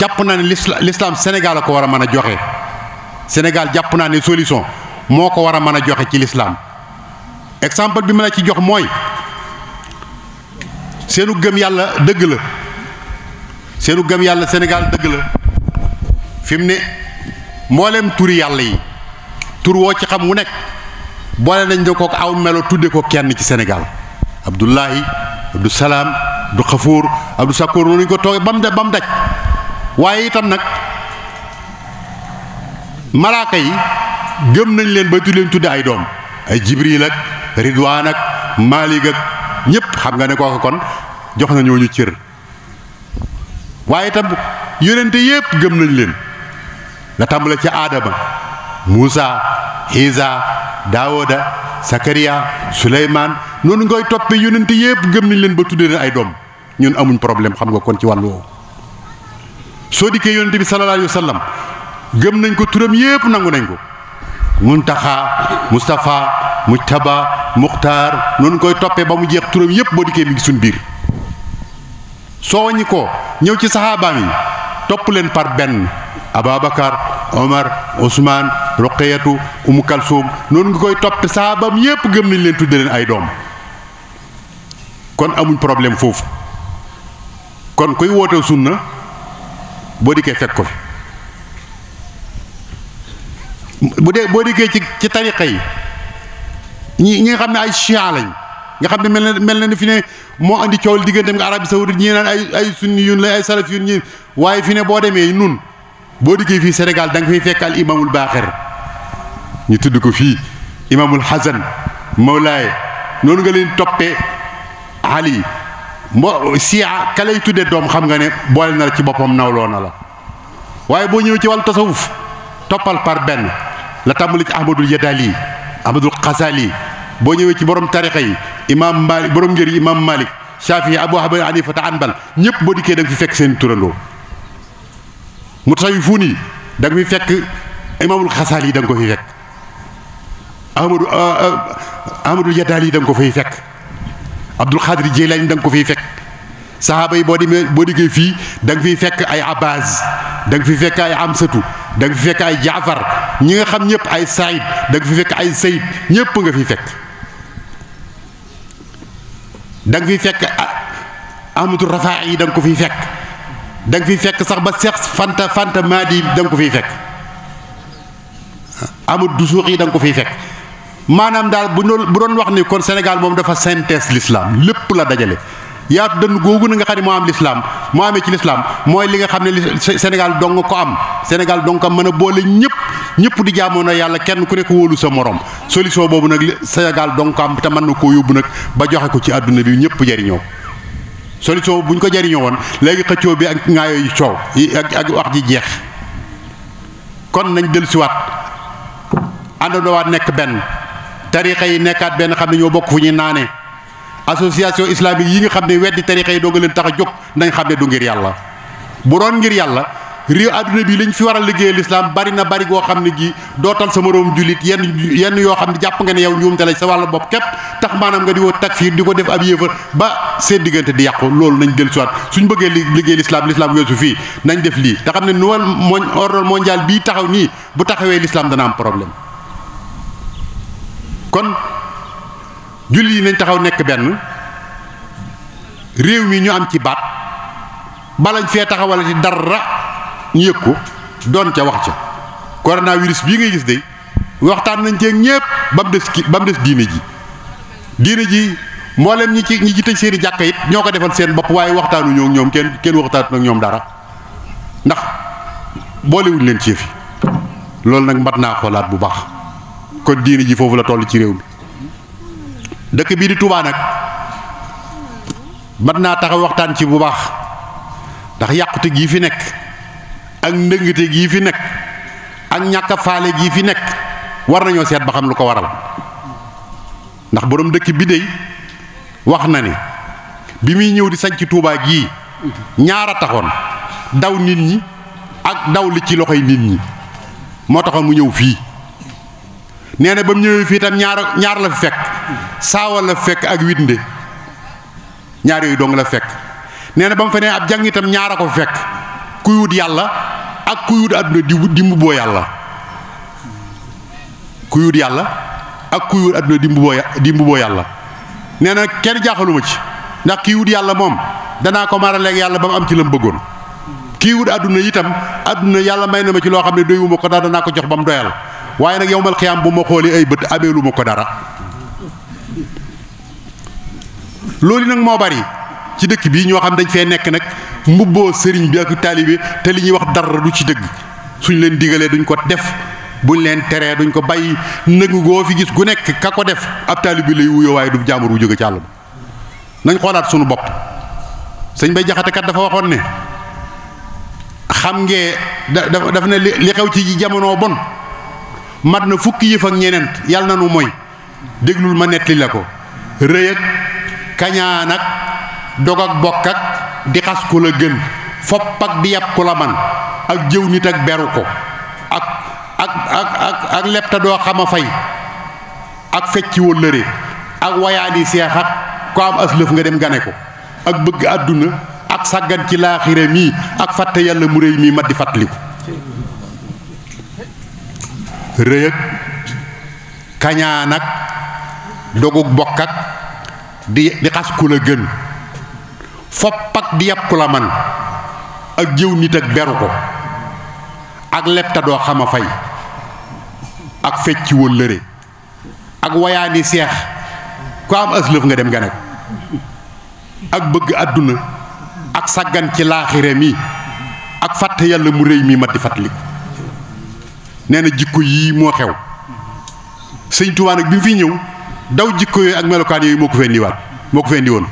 jàpp naa ne l'islam Sénégal a ko war a mën a joxe Sénégal jàpp naa ne solution moo ko war a mën a joxe ci lislaam exemple bi ma la ci jox mooy seenu gëm yàlla dëgg la seenu gëm yàlla Sénégal dëgg la fi mu ne mbooleem turi yàlla yi tur woo ci xam wu nekk boole nañ da ko aw melo tudde ko kenn ci Sénégal Abdullahi Abdou Salaam Abdou Xafuur Abdou Sakkoor noonu ñu ko toogee ba mu daj ba mu daj waaye itam nag malaaka yi gëm nañ leen ba du leen tudde ay doom ay jibril ak ridwaan ak maalik ak ñëpp xam nga ne kooka kon jox na ñooñu cër waaye itam yonente yépp gëm nañ leen la tàmbale ci aadama muusa xiisa daawuda sakariya suleymaan noonu ngay toppe yonente yépp gëm nañ leen ba tuddee leen ay doom ñoon amuñ problème xam nga kon ci wàllu woowu soo dikkee yonente bi sallallahu alayhi wa gëm nañ ko turam yépp nangu nañ ko muntaxa mustafa mujtaba muxtaar noonu koy toppee ba mu jeex turam yépp boo dikkee mi ngi suñ biir soo waññi ko ñëw ci saxaabaam yi topp leen par benn ababakar omar ousmaan roqeyatu umu kalsuum noonu nga koy toppe saxaabaam yépp gëm nañ leen tudde leen ay doom kon amuñ problème foofu kon koy woote sunna boo dikkee fekk ko fi bu dee boo dikkee ci ci tariqa yi ñi ñi nga xam ne ay chia lañ nga xam ne mel na mel na ni fi ne moo andi coow digganteem nga Arabie Saoudite ñii naan ay ay sunni yun la ay salaf yun ñi waaye fi ne boo demee nun boo dikkee fii Sénégal da nga fay fekk al imaamul baaxir ñu tudd ko fii imaamul Xasan Mawlaay noonu nga leen toppee Ali mbo siyaa ka lay tuddee doom xam nga ne boole na la ci boppam nawloo na la waaye boo ñëwee ci wàllu tasawuf toppal par benn la tàmbali ci ahmadul yadali ahmadul xasali boo ñëwee ci borom tarixa yi imam malik borom ngër yi imam malik shafii abu hanifa ta anbal ñëpp boo dikkee da nga fi fekk seen turandoo mu tasawufuun yi da nga fi fekk imamul xasali yi ko fi fekk ah, ah, ahmadul ahmadul yadali yi ko fay fekk Abdul Xaadir Jeylaani da nga ko fiy fekk saxaaba yi boo demee boo diggee fii da nga fekk ay Abbas da fi fiy fekk ay Amsatu da nga fi fekk ay Jaafar ñi nga xam ñëpp ay Saïd da nga fi fekk ay Saïd ñëpp nga fiy fekk da nga fiy fekk ah, Ahmadu Rafaa yi da ko fiy fekk da nga fekk sax ba Seex Fanta Fanta Maadi da ko fiy fekk Ahmadu Dusuux yi da nga ko fiy fekk. maanaam daal bu doon bu doon wax ni kon Sénégal moom dafa synthèse lislaam lépp la dajale yaa dënn googu na nga xam ne moo am l'islam moo amee ci lislaam mooy li nga xam ne Sénégal dong ko am Sénégal dong ko mën a boole ñëpp ñëpp di jaamoon na yàlla kenn ku nekk wóolu sa morom solution boobu nag Sénégal dong ko am te mën na koo yóbbu nag ba joxe ko ci àdduna bi ñëpp jariñoo solution bu ñu ko jariñoo woon léegi xëccoo bi ak ŋaayoo yu soow ak ak wax ji jeex kon nañ dellusiwaat àndandoowaat nekk benn tariqa yi nekkaat benn xam ne ñoo bokk fu ñuy naanee association islamique yi nga xam ne weddi tariqa yi doog leen tax a jóg nañ xam ne du ngir yàlla bu doon ngir yàlla réew adduna bi liñ fi war a liggéeyal islam bari na bari goo xam ne gi dootal sa moroom jullit yenn yenn yoo xam ne jàpp nga ne yow njuumte la sa wàllu bopp képp tax maanaam nga di ko takfir di ko ab yéefar ba seen diggante di yàqu loolu nañ jël siwaat suñ bëggee liggéey l'islam l'islam weesu fii nañ def lii te xam ne nouvel ordre mondial bii taxaw nii bu taxawee l'islam dana am problème kon julli yi nañ taxaw nekk benn réew mi ñu am ci baat balañ fee taxawal ci dara ñu yëg ko doon ca wax ca coronavirus bii ngay gis de waxtaan nañ ceeg ñépp ba mu des ki ba mu des diine ji diine ji mboolem ñi ci ñi ci tëj seen i jàkka it ñoo ko defal seen bopp waaye waxtaanu ñoo ñoom kenn kenn waxtaanu nag ñoom dara ndax boolewuñ leen ci fi loolu nag mat naa xoolaat bu baax. kon diine ji foofu la toll ci réew mi dëkk bii di tuubaa nag mat naa taxa waxtaan ci bu baax ndax yàqute gii fi nekk ak ndëngate gii fi nekk ak ñàkk faale gii fi nekk war nañoo seet ba xam lu ko waral ndax boroom dëkk bi dey wax na ne bi muy ñëw di sañc tuubaa gii ñaara taxoon daw nit ñi ak daw li ci loxoy nit ñi moo taxoon mu ñëw fii nee ba mu ñëwee fii tam ñaar ñaar la fi fekk saawa la fekk ak witnde ñaar yooyu dong la fekk nee na ba mu fa nee ab jàng itam ñaar a ko fekk kuy wut yàlla ak kuy wut àdduna di di yàlla kuy wut yàlla ak kuy wut àdduna di mbubboo di mbubboo yàlla nee na kenn jaaxaluma ci ndax kii wut yàlla moom danaa ko maraleeg yàlla ba mu am ci la mu bëggoon kii wut àdduna itam àdduna yàlla may na ma ci loo xam ne doyuma ko daal danaa ko jox ba mu doyal waaye nag yowmal xiyaam bu ma xoolee ay bët abeelu ma ko dara loolu nag moo bari ci dëkk bii ñoo xam dañ fee nekk nag mbubboo sëriñ bi ak taalibe te li ñuy wax dara du ci dëgg suñ leen digalee duñ ko def buñ leen teree duñ ko bàyyi nëngu goo fi gis gu nekk ka ko def ab taalibe lay wuyoo waaye du jaamur bu jóge ci àll ba nañ xoolaat suñu bopp sëñ bay jaxate kat dafa waxoon ne xam ngee da dafa ne li xew ci jamono bon mat na fukki yëf ak ñeneent yàlla na nu mooy déglul ma nettali la ko rëy ak kañaan ak dog ak bokk ak di xas ku la gën fopp ak di yàpp ku la man ak jëw nit ak beru ko ak ak ak ak ak lepta doo xama fay ak fecci wóllëre ak wayaani seex ak ko am aslëf nga dem gane ko ak bëgg àdduna ak sàggan ci laaxira mii ak fàtte yàlla mu réy mii mat di fàttaliku rëy ak kañaan ak dogug bokk ak di di la gën fopp ak di yàpp ku la man ak jëw nit ak beru ko ak lepta doo xama fay ak fecci wól lëre ak wayaani seex ku am aslëf nga dem gane ak bëgg àdduna ak sàggan ci laaxire mi ak fàtte yàlla mu réy mii mat di fàttaliku nee na jikko yii moo xew sëñ Tuubaa nag bi mu fi ñëw daw jikko yooyu ak melokaan yooyu moo ko fee indiwaat moo ko fee indi woon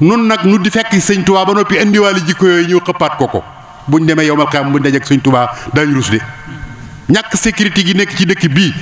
nun nag nu di fekk sëñ Tuubaa ba noppi indiwaale jikko yooyu ñëw xëppaat ko ko bu ñu demee yow mal xam buñ dajeek sëñ Tuubaa dañu rus de ñàkk sécurité gi nekk ci dëkk bii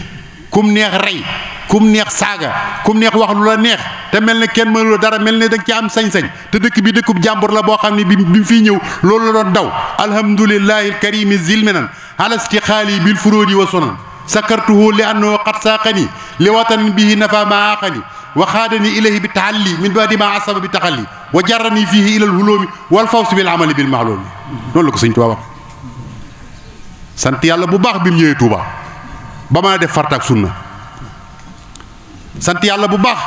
kum neex rey kum neex saaga kum neex wax lu la neex te mel ne kenn mënula dara mel ne da ci am sañ-sañ te dëkk bi dëkkub jàmbur la boo xam ne bi bi mu ñëw loolu la doon daw alhamdulillahi alkarimi zilmenan ala istixaali bil furóodi wa sunan sakartuhu li annahu qad saaqani li watanin bihi nafa ma aaqani wa xaadani ilayhi bi taxalli min baadi ma asaba bi taxalli wa jarrani fihi ilal huloomi wal fawsi bil amali bil maxloomi noonu la ko sëñ Tuubaa sant yàlla bu baax bi mu ñëwee Tuubaa ba mën a def fartaak sunna sant yàlla bu baax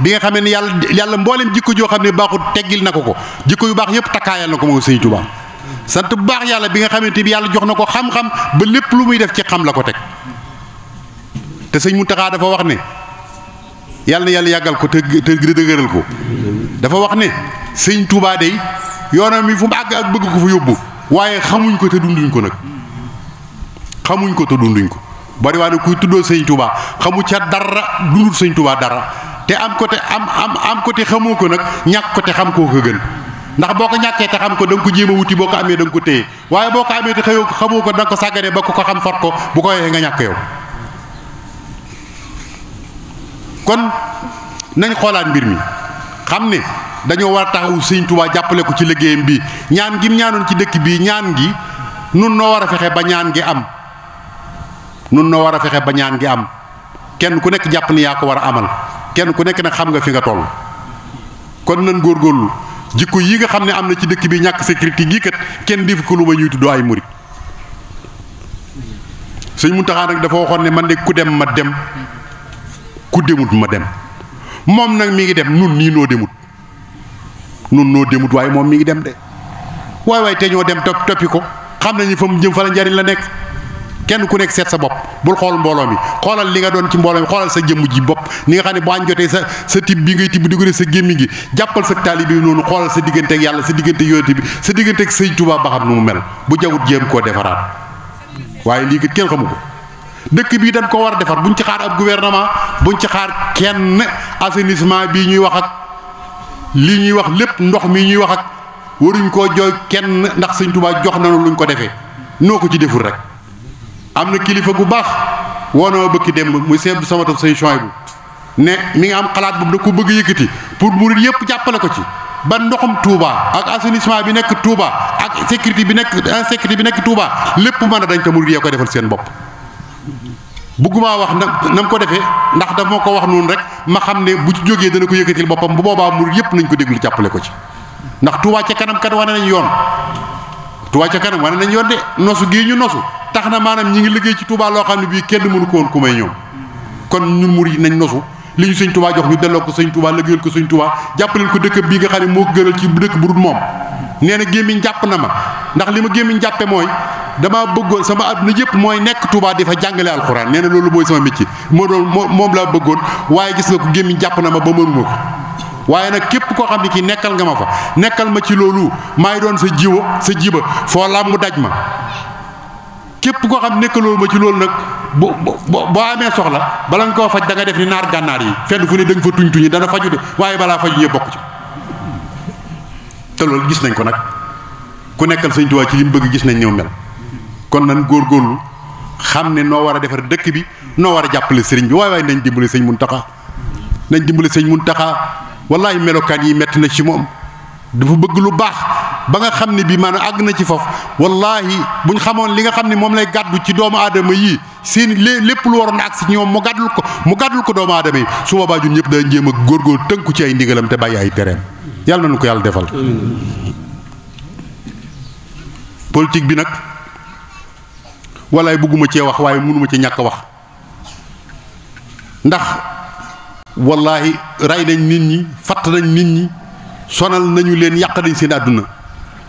bi nga xamee ne yàlla yàlla mboolem jikko joo xam ne baaxut teggil na ko ko jikko yu baax yëpp takkaayal na ko moom sëñ Tuubaa sant bu baax yàlla bi nga xamante bi yàlla jox na ko xam-xam ba lépp lu muy def ci xam la ko teg te sëñ taxaa dafa wax ne yàlla na yàlla yàggal ko te te dëgëral ko dafa wax ne sëñ Tuubaa day yoonam mi fu mu àgg ak bëgg ko fa yóbbu waaye xamuñ ko te dunduñ ko nag xamuñ ko te dunduñ ko bari waa ne kuy tuddoo sëñ Tuubaa xamu ca dara dundul sëñ Tuubaa dara te am ko te am am am ko te xamoo ko nag ñàkk ko te xam koo ko gën ndax boo ko ñàkkee te xam ko da ko jéem a wuti boo ko amee da nga ko téye waaye boo ko amee te xëyoo ko xamoo ko da ko sàgganee ba ko ko xam fot ko bu ko yee nga ñàkk yow kon nañ xoolaat mbir mi xam ne dañoo war a taxawu sëñ Tuubaa jàppale ko ci liggéeyam bi ñaan gi ñaanoon ci dëkk bi ñaan gi nun noo war a fexe ba ñaan gi am nun noo war a fexe ba ñaan gi am kenn ku nekk jàpp ni yaa ko war a amal kenn ku nekk nag xam nga fi nga toll kon nan góorgóorlu jikko yi nga xam ne am na ci dëkk bi ñàkk sécurité gii kat kenn defu ko lu ma ñuy tudd ay murit sëñ Muntaxa nag dafa waxoon ne man de ku dem ma dem ku demut ma dem moom nag mi ngi dem nun nii noo demut nun noo demut waaye moom mi ngi dem de waaye waaye te ñoo dem topp toppi ko xam nañu fa mu jëm fa la njariñ la nekk kenn ku nekk seet sa bopp bul xool mbooloo mi xoolal li nga doon ci mbooloo mi xoolal sa jëmm ji bopp li nga xam ne bu añ jotee sa sa tib bi ngay tibb di ko def sa gémmi gi jàppal sa taali bi noonu xoolal sa diggante ak yàlla sa diggante yonent bi sa diggante ak sëñ Tuubaa ba xam nu mu mel bu jawut jéem koo defaraat waaye lii kat kenn xamu ko dëkk bii dañ koo war a defar buñ ci xaar ak ab bu buñ ci xaar kenn assainissement bii ñuy wax ak li ñuy wax lépp ndox mi ñuy wax ak waruñ koo jooy kenn ndax sëñ Tuubaa jox nanu luñ ko defee noo ko ci deful rek am na kilifa gu baax woo na ma bëkki démb muy seeb sama taf sëñ Chouaïbou ne mi nga am xalaat boobu na ko bëgg yëkkati pour murid yëpp jàppale ko ci ba ndoxum Touba ak assainissement bi nekk tuuba ak sécurité bi nekk insécurité bi nekk tuuba lépp mën a dañ te murid yee ko defal seen bopp bëggumaa wax na nam ko defee ndax daf ma ko wax noonu rek ma xam ne bu ci jógee dana ko yëkkatil boppam bu boobaa murid yëpp nañ ko déglu jàppale ko ci ndax Touba ca kanam kat wane nañu yoon Touba ca kanam wane nañ yoon nosu gii ñu nosu tax na maanaam ñi ngi liggéey ci Touba loo xam ne bii kenn mënu ko woon ku may ñoom kon ñun murid yi nañ nosu li ñu sëñ Touba jox ñu delloo ko sëñ Touba liggéeyal ko sëñ Touba jàppaleen ko dëkk bii nga xam ne moo ko gënal ci dëkk bu dul moom nee na gémmiñ jàpp na ma ndax li ma gémmiñ jàppe mooy damaa bëggoon sama àdduna yëpp mooy nekk Touba di fa jàngale alxuraan nee na loolu mooy sama métier moo doon moom laa bëggoon waaye gis nga ko gémmiñ jàpp na ma ba mënuma ko waaye nag képp koo xam ne kii nekkal nga ma fa nekkal ma ci loolu maay doon sa jiwo sa jiba foo làmb daj ma képp koo xam nekkaloo ma ci loolu nag bu boo amee soxla bala nga koo faj danga def ni naar gànnaar yi fenn fu ne dañ fa tuñ tuñi dana faju de waaye balaa faju yëpp bokk ci te loolu gis nañ ko nag ku nekkal Sëñ Tuubaa ci li mu bëgg gis nañ ñëw mel kon nan góorlu xam ne noo war a defar dëkk bi noo war a jàppale sëriñ bi waaye waaye nañ dimbale sëñ Muntaxa nañ dimbale sëñ Muntaxa wallaahi melokaan yi metti na ci moom dafa bëgg lu baax ba nga xam ne bii maanaam àgg na ci foofu wallaahi buñ xamoon li nga xam ne moom lay gàddu ci doomu aadama yii seen lépp lu waroon ak si ñoom mu gàddul ko mu gàddul ko doomu aadama yi su boobaa ñun ñëpp dañ jéem a góorgóor tënku ci ay ndigalam te bàyyi ay tereem yàlla nu ko yàlla defal. politique bi nag walaay bëgguma cee wax waaye mënuma ci ñàkk wax ndax wallaahi rey nañ nit ñi fatt nañ nit ñi. sonal nañu leen yàq nañ seen adduna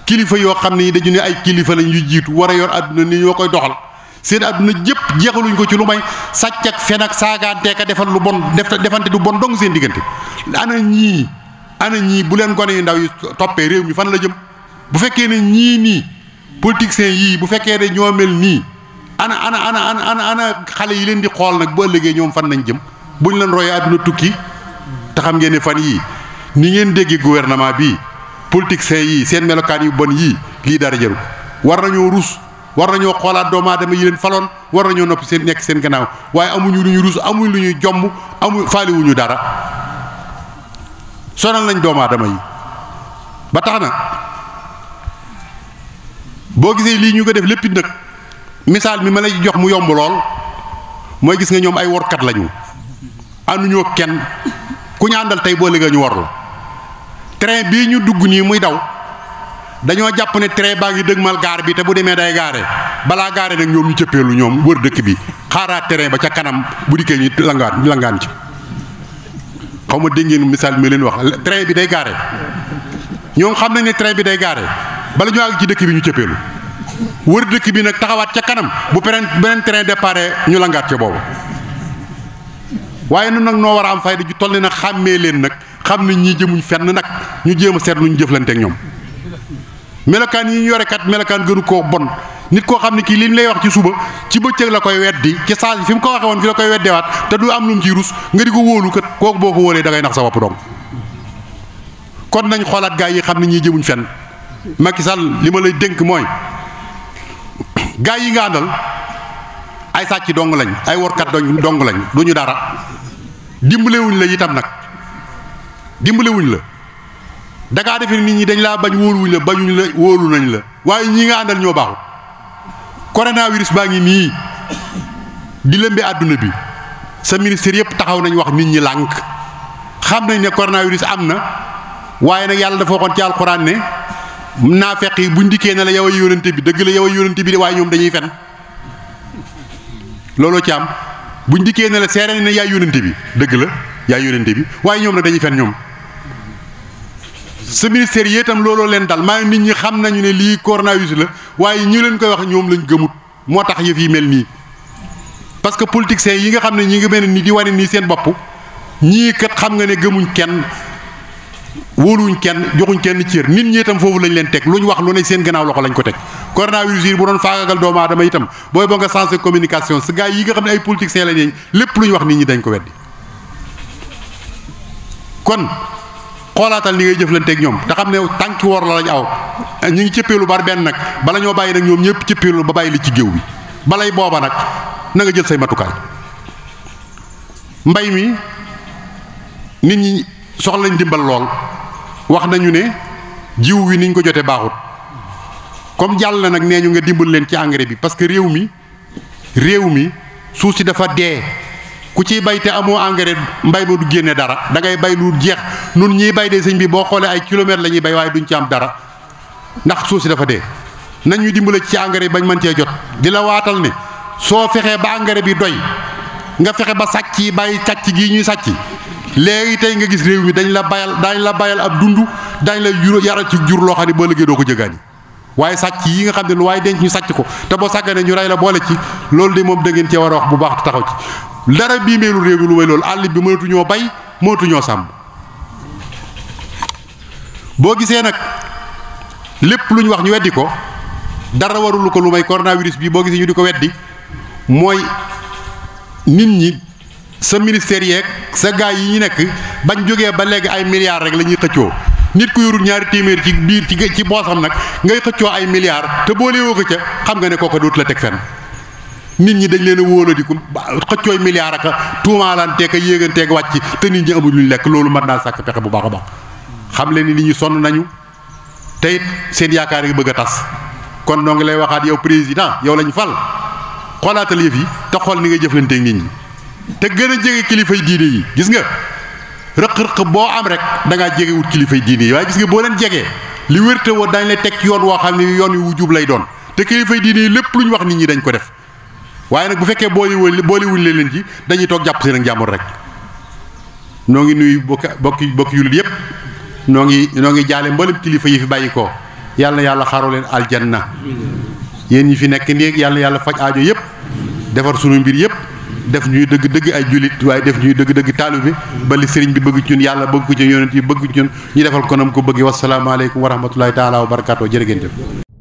kilifa yoo xam ne yi dañu ne ay kilifa lañ yu jiitu war a yor àdduna ni ñoo koy doxal seen àdduna jëpp jeexaluñ ko ci lu may sàcc ak fen ak saagaanteek a defan lu bon def defante du bon dong seen diggante ana ñii ana ñii bu leen gone yu ndaw yi toppee réew fan la jëm bu fekkee ne ñii nii politiciens yii bu fekkee ne ñoo mel nii ana ana ana ana ana ana xale yi leen di xool nag boo ëllëgee ñoom fan nañ jëm buñ leen royee àdduna tukki te xam ngeen ne fan yii ni ngeen déggee gouvernement bi politiciens yii seen melokaan yu bon yii lii dara jarul war nañoo rus war nañoo xoolaat doomu aadama yi leen faloon war nañoo noppi seen nekk seen gannaaw waaye amuñu lu ñu rus amuñu lu ñuy jomm amu faaliwuñu dara sonal nañ doomu aadama yi ba tax na boo gisee lii ñu ko def lépp nag misaal mi ma lay jox mu yomb lool mooy gis nga ñoom ay workat lañu ànduñoo kenn ku ñu àndal tey boo léegi ñu war la train bii ñu dugg nii muy daw dañoo jàpp ne train baa ngi dëgmal gaar bi te bu demee day gaare balaa gaare nag ñoom ñu cëppeelu ñoom wër dëkk bi xaaraat train ba ca kanam bu dikkee ñu langaan langaan ci xaw ma dégg ngeen mi leen wax train bi day gaare ñoom xam nañ ne train bi day gaare bala ñu ci dëkk bi ñu cëppeelu wër dëkk bi nag taxawaat ca kanam bu beneen beneen train départ ñu langaat ca boobu waaye nun nag noo war a am fayda toll ne nag xàmmee leen nag xam ne ñii jëmuñ fenn nag ñu jéem a seet lu ñu jëflanteeg ñoom melokaan yi ñu yorekat melokaan gënu koo bon nit koo xam ne kii li ñu lay wax ci suba ci bëccëg la koy weddi ci saa fi mu ko waxee woon fi la koy weddewaat te du am lu mu ciy rus nga di ko wóolu kat kooku boo ko wóolee da ngay nax sa bopp dong kon nañ xoolaat gaa yi xam ne ñii jëmuñ fenn Macky Sall li ma lay dénk mooy gaa yi nga àndal ay sàcc dong lañ ay workat dong lañ du ñu dara dimbalewuñ la itam nag. dimbale la da ngaa defe nit ñi dañ laa bañ wóolu wuñ la bañuñ la wóolu nañ la waaye ñi nga àndal ñoo baaxul coronavirus baa ngi nii di lëmbee àdduna bi sa ministère yëpp taxaw nañ wax nit ñi lànk xam nañ ne coronavirus am na waaye nag yàlla dafa waxoon ci alxuraan ne naa fekk yi buñ dikkee na la yow ay bi dëgg la yow ay yónante bi waaye ñoom dañuy fen looloo ci am buñ dikkee ne la seere ne yaay yónante bi dëgg la yaay yónnente bi waaye ñoom nag dañuy fen ñoom sa ministère yi itam looloo leen dal maa ngi nit ñi xam nañu ne lii coronavirus la waaye ñi leen koy wax ñoom lañ gëmut moo tax yëf yi mel nii parce que politiciens yi nga xam ne ñi ngi mel ñi di wane nii seen bopp ñii kat xam nga ne gëmuñ kenn wóoluwuñ kenn joxuñ kenn cër nit ñi itam foofu lañ leen teg luñ wax lu ne seen gannaaw loxo lañ ko teg coronavirus yi bu doon faagagal doomu aadama itam booy nga sensé ne ay politiciens la ñuy lu ñu wax nit ñi dañ ko weddi kon xoolaatal li ngay jëflanteeg ñoom te xam ne tànki war la lañ aw ñu ngi cëppee lu bari benn nag bala ñoo bàyyi nag ñoom ñëpp cëppee lu ba bàyyi li ci géew bi balay booba nag na jël say matukaay mbay mi nit ñi soxla lañ dimbal lool wax nañu ne jiw wi niñ ko jotee baaxut comme jàll na nag nee ñu nga dimbal leen ci engrais bi parce que réew mi réew mi suuf si dafa dee ku ciy bay te amoo engrais mbay mu du génne dara da ngay bay lu jeex nun ñiy bay de sëñ bi boo xoolee ay kilomètres la ñuy bay waaye duñ ci am dara ndax suuf si dafa dee nañ ñu dimbale ci engrais bañ mën cee jot di la waatal ne soo fexee ba engrais bi doy nga fexe ba sàcc yi bàyyi sàcc gii ñuy sàcc léegi tey nga gis réew mi dañ la bayal dañ la bayal ab dund dañ la jur yaral ci jur loo xam ne boo liggéey doo ko jëgaani waaye sàcc yi nga xam ne lu waaye denc ñu sàcc ko te boo sàgganee ñu rey la boole ci loolu de moom da ngeen cee bu baax taxaw ci dara bii meelu réew lu may loolu àll bi mënatuñoo bay mënatuñoo sàmm boo gisee nag lépp lu ñu wax ñu weddi ko dara warulu ko lu may coronavirus bii boo gisee ñu di ko weddi mooy nit ñi sa ministère yeeg sa gaay yi ñu nekk bañ jógee ba léegi ay milliards rek la ñuy xëccoo nit ku yorul ñaari téeméer ci biir ci ci boosam nag ngay xëccoo ay milliards te boo leewoo ko ca xam nga ne kooka dootu la teg fenn nit ñi dañ leen a wóoladiku xëccooy milliard ak tuumaalanteeg ak yéeganteeg wàcc te nit ñi amuñu lekk loolu mën naa sàkk pexe bu baax a baax xam leen ni nit ñi sonn nañu tey seen yaakaar yi bëgg a tas kon noo ngi lay waxaat yow président yow lañu fal xoolaatal yëf yi te xool ni nga jëflanteeg nit ñi te gën a jege kilifay diine yi gis nga rëq-rëq boo am rek da ngaa jege wut kilifay diine yi waaye gis nga boo leen jegee li wérte woo dañ lay teg yoon woo xam ne yoon wu jub lay doon te lépp ñu wax nit ñi dañ ko def waaye nag bu fekkee boolewul boolewuñ leen ci dañuy toog jàpp seen ak jàmbur rek noo ngi nuyu bokk bokki bokki jullit yépp noo ngi noo ngi jaale mboolem tilifa yi fi bàyyi ko yàlla yàlla xaru leen aljanna yéen ñi fi nekk nii yàlla yàlla faj aajo yépp defar sunu mbir yépp def ñuy dëgg dëgg ay jullit waaye def ñuy dëgg dëgg taalu bi ba li sëriñ bi bëgg ci ñun yàlla bëgg ko ci ñun yonent ñu defal ko nam ko bëgg wasalaamaaleykum wa rahmatullahi taala wa barakaatu jërë ngeen jëf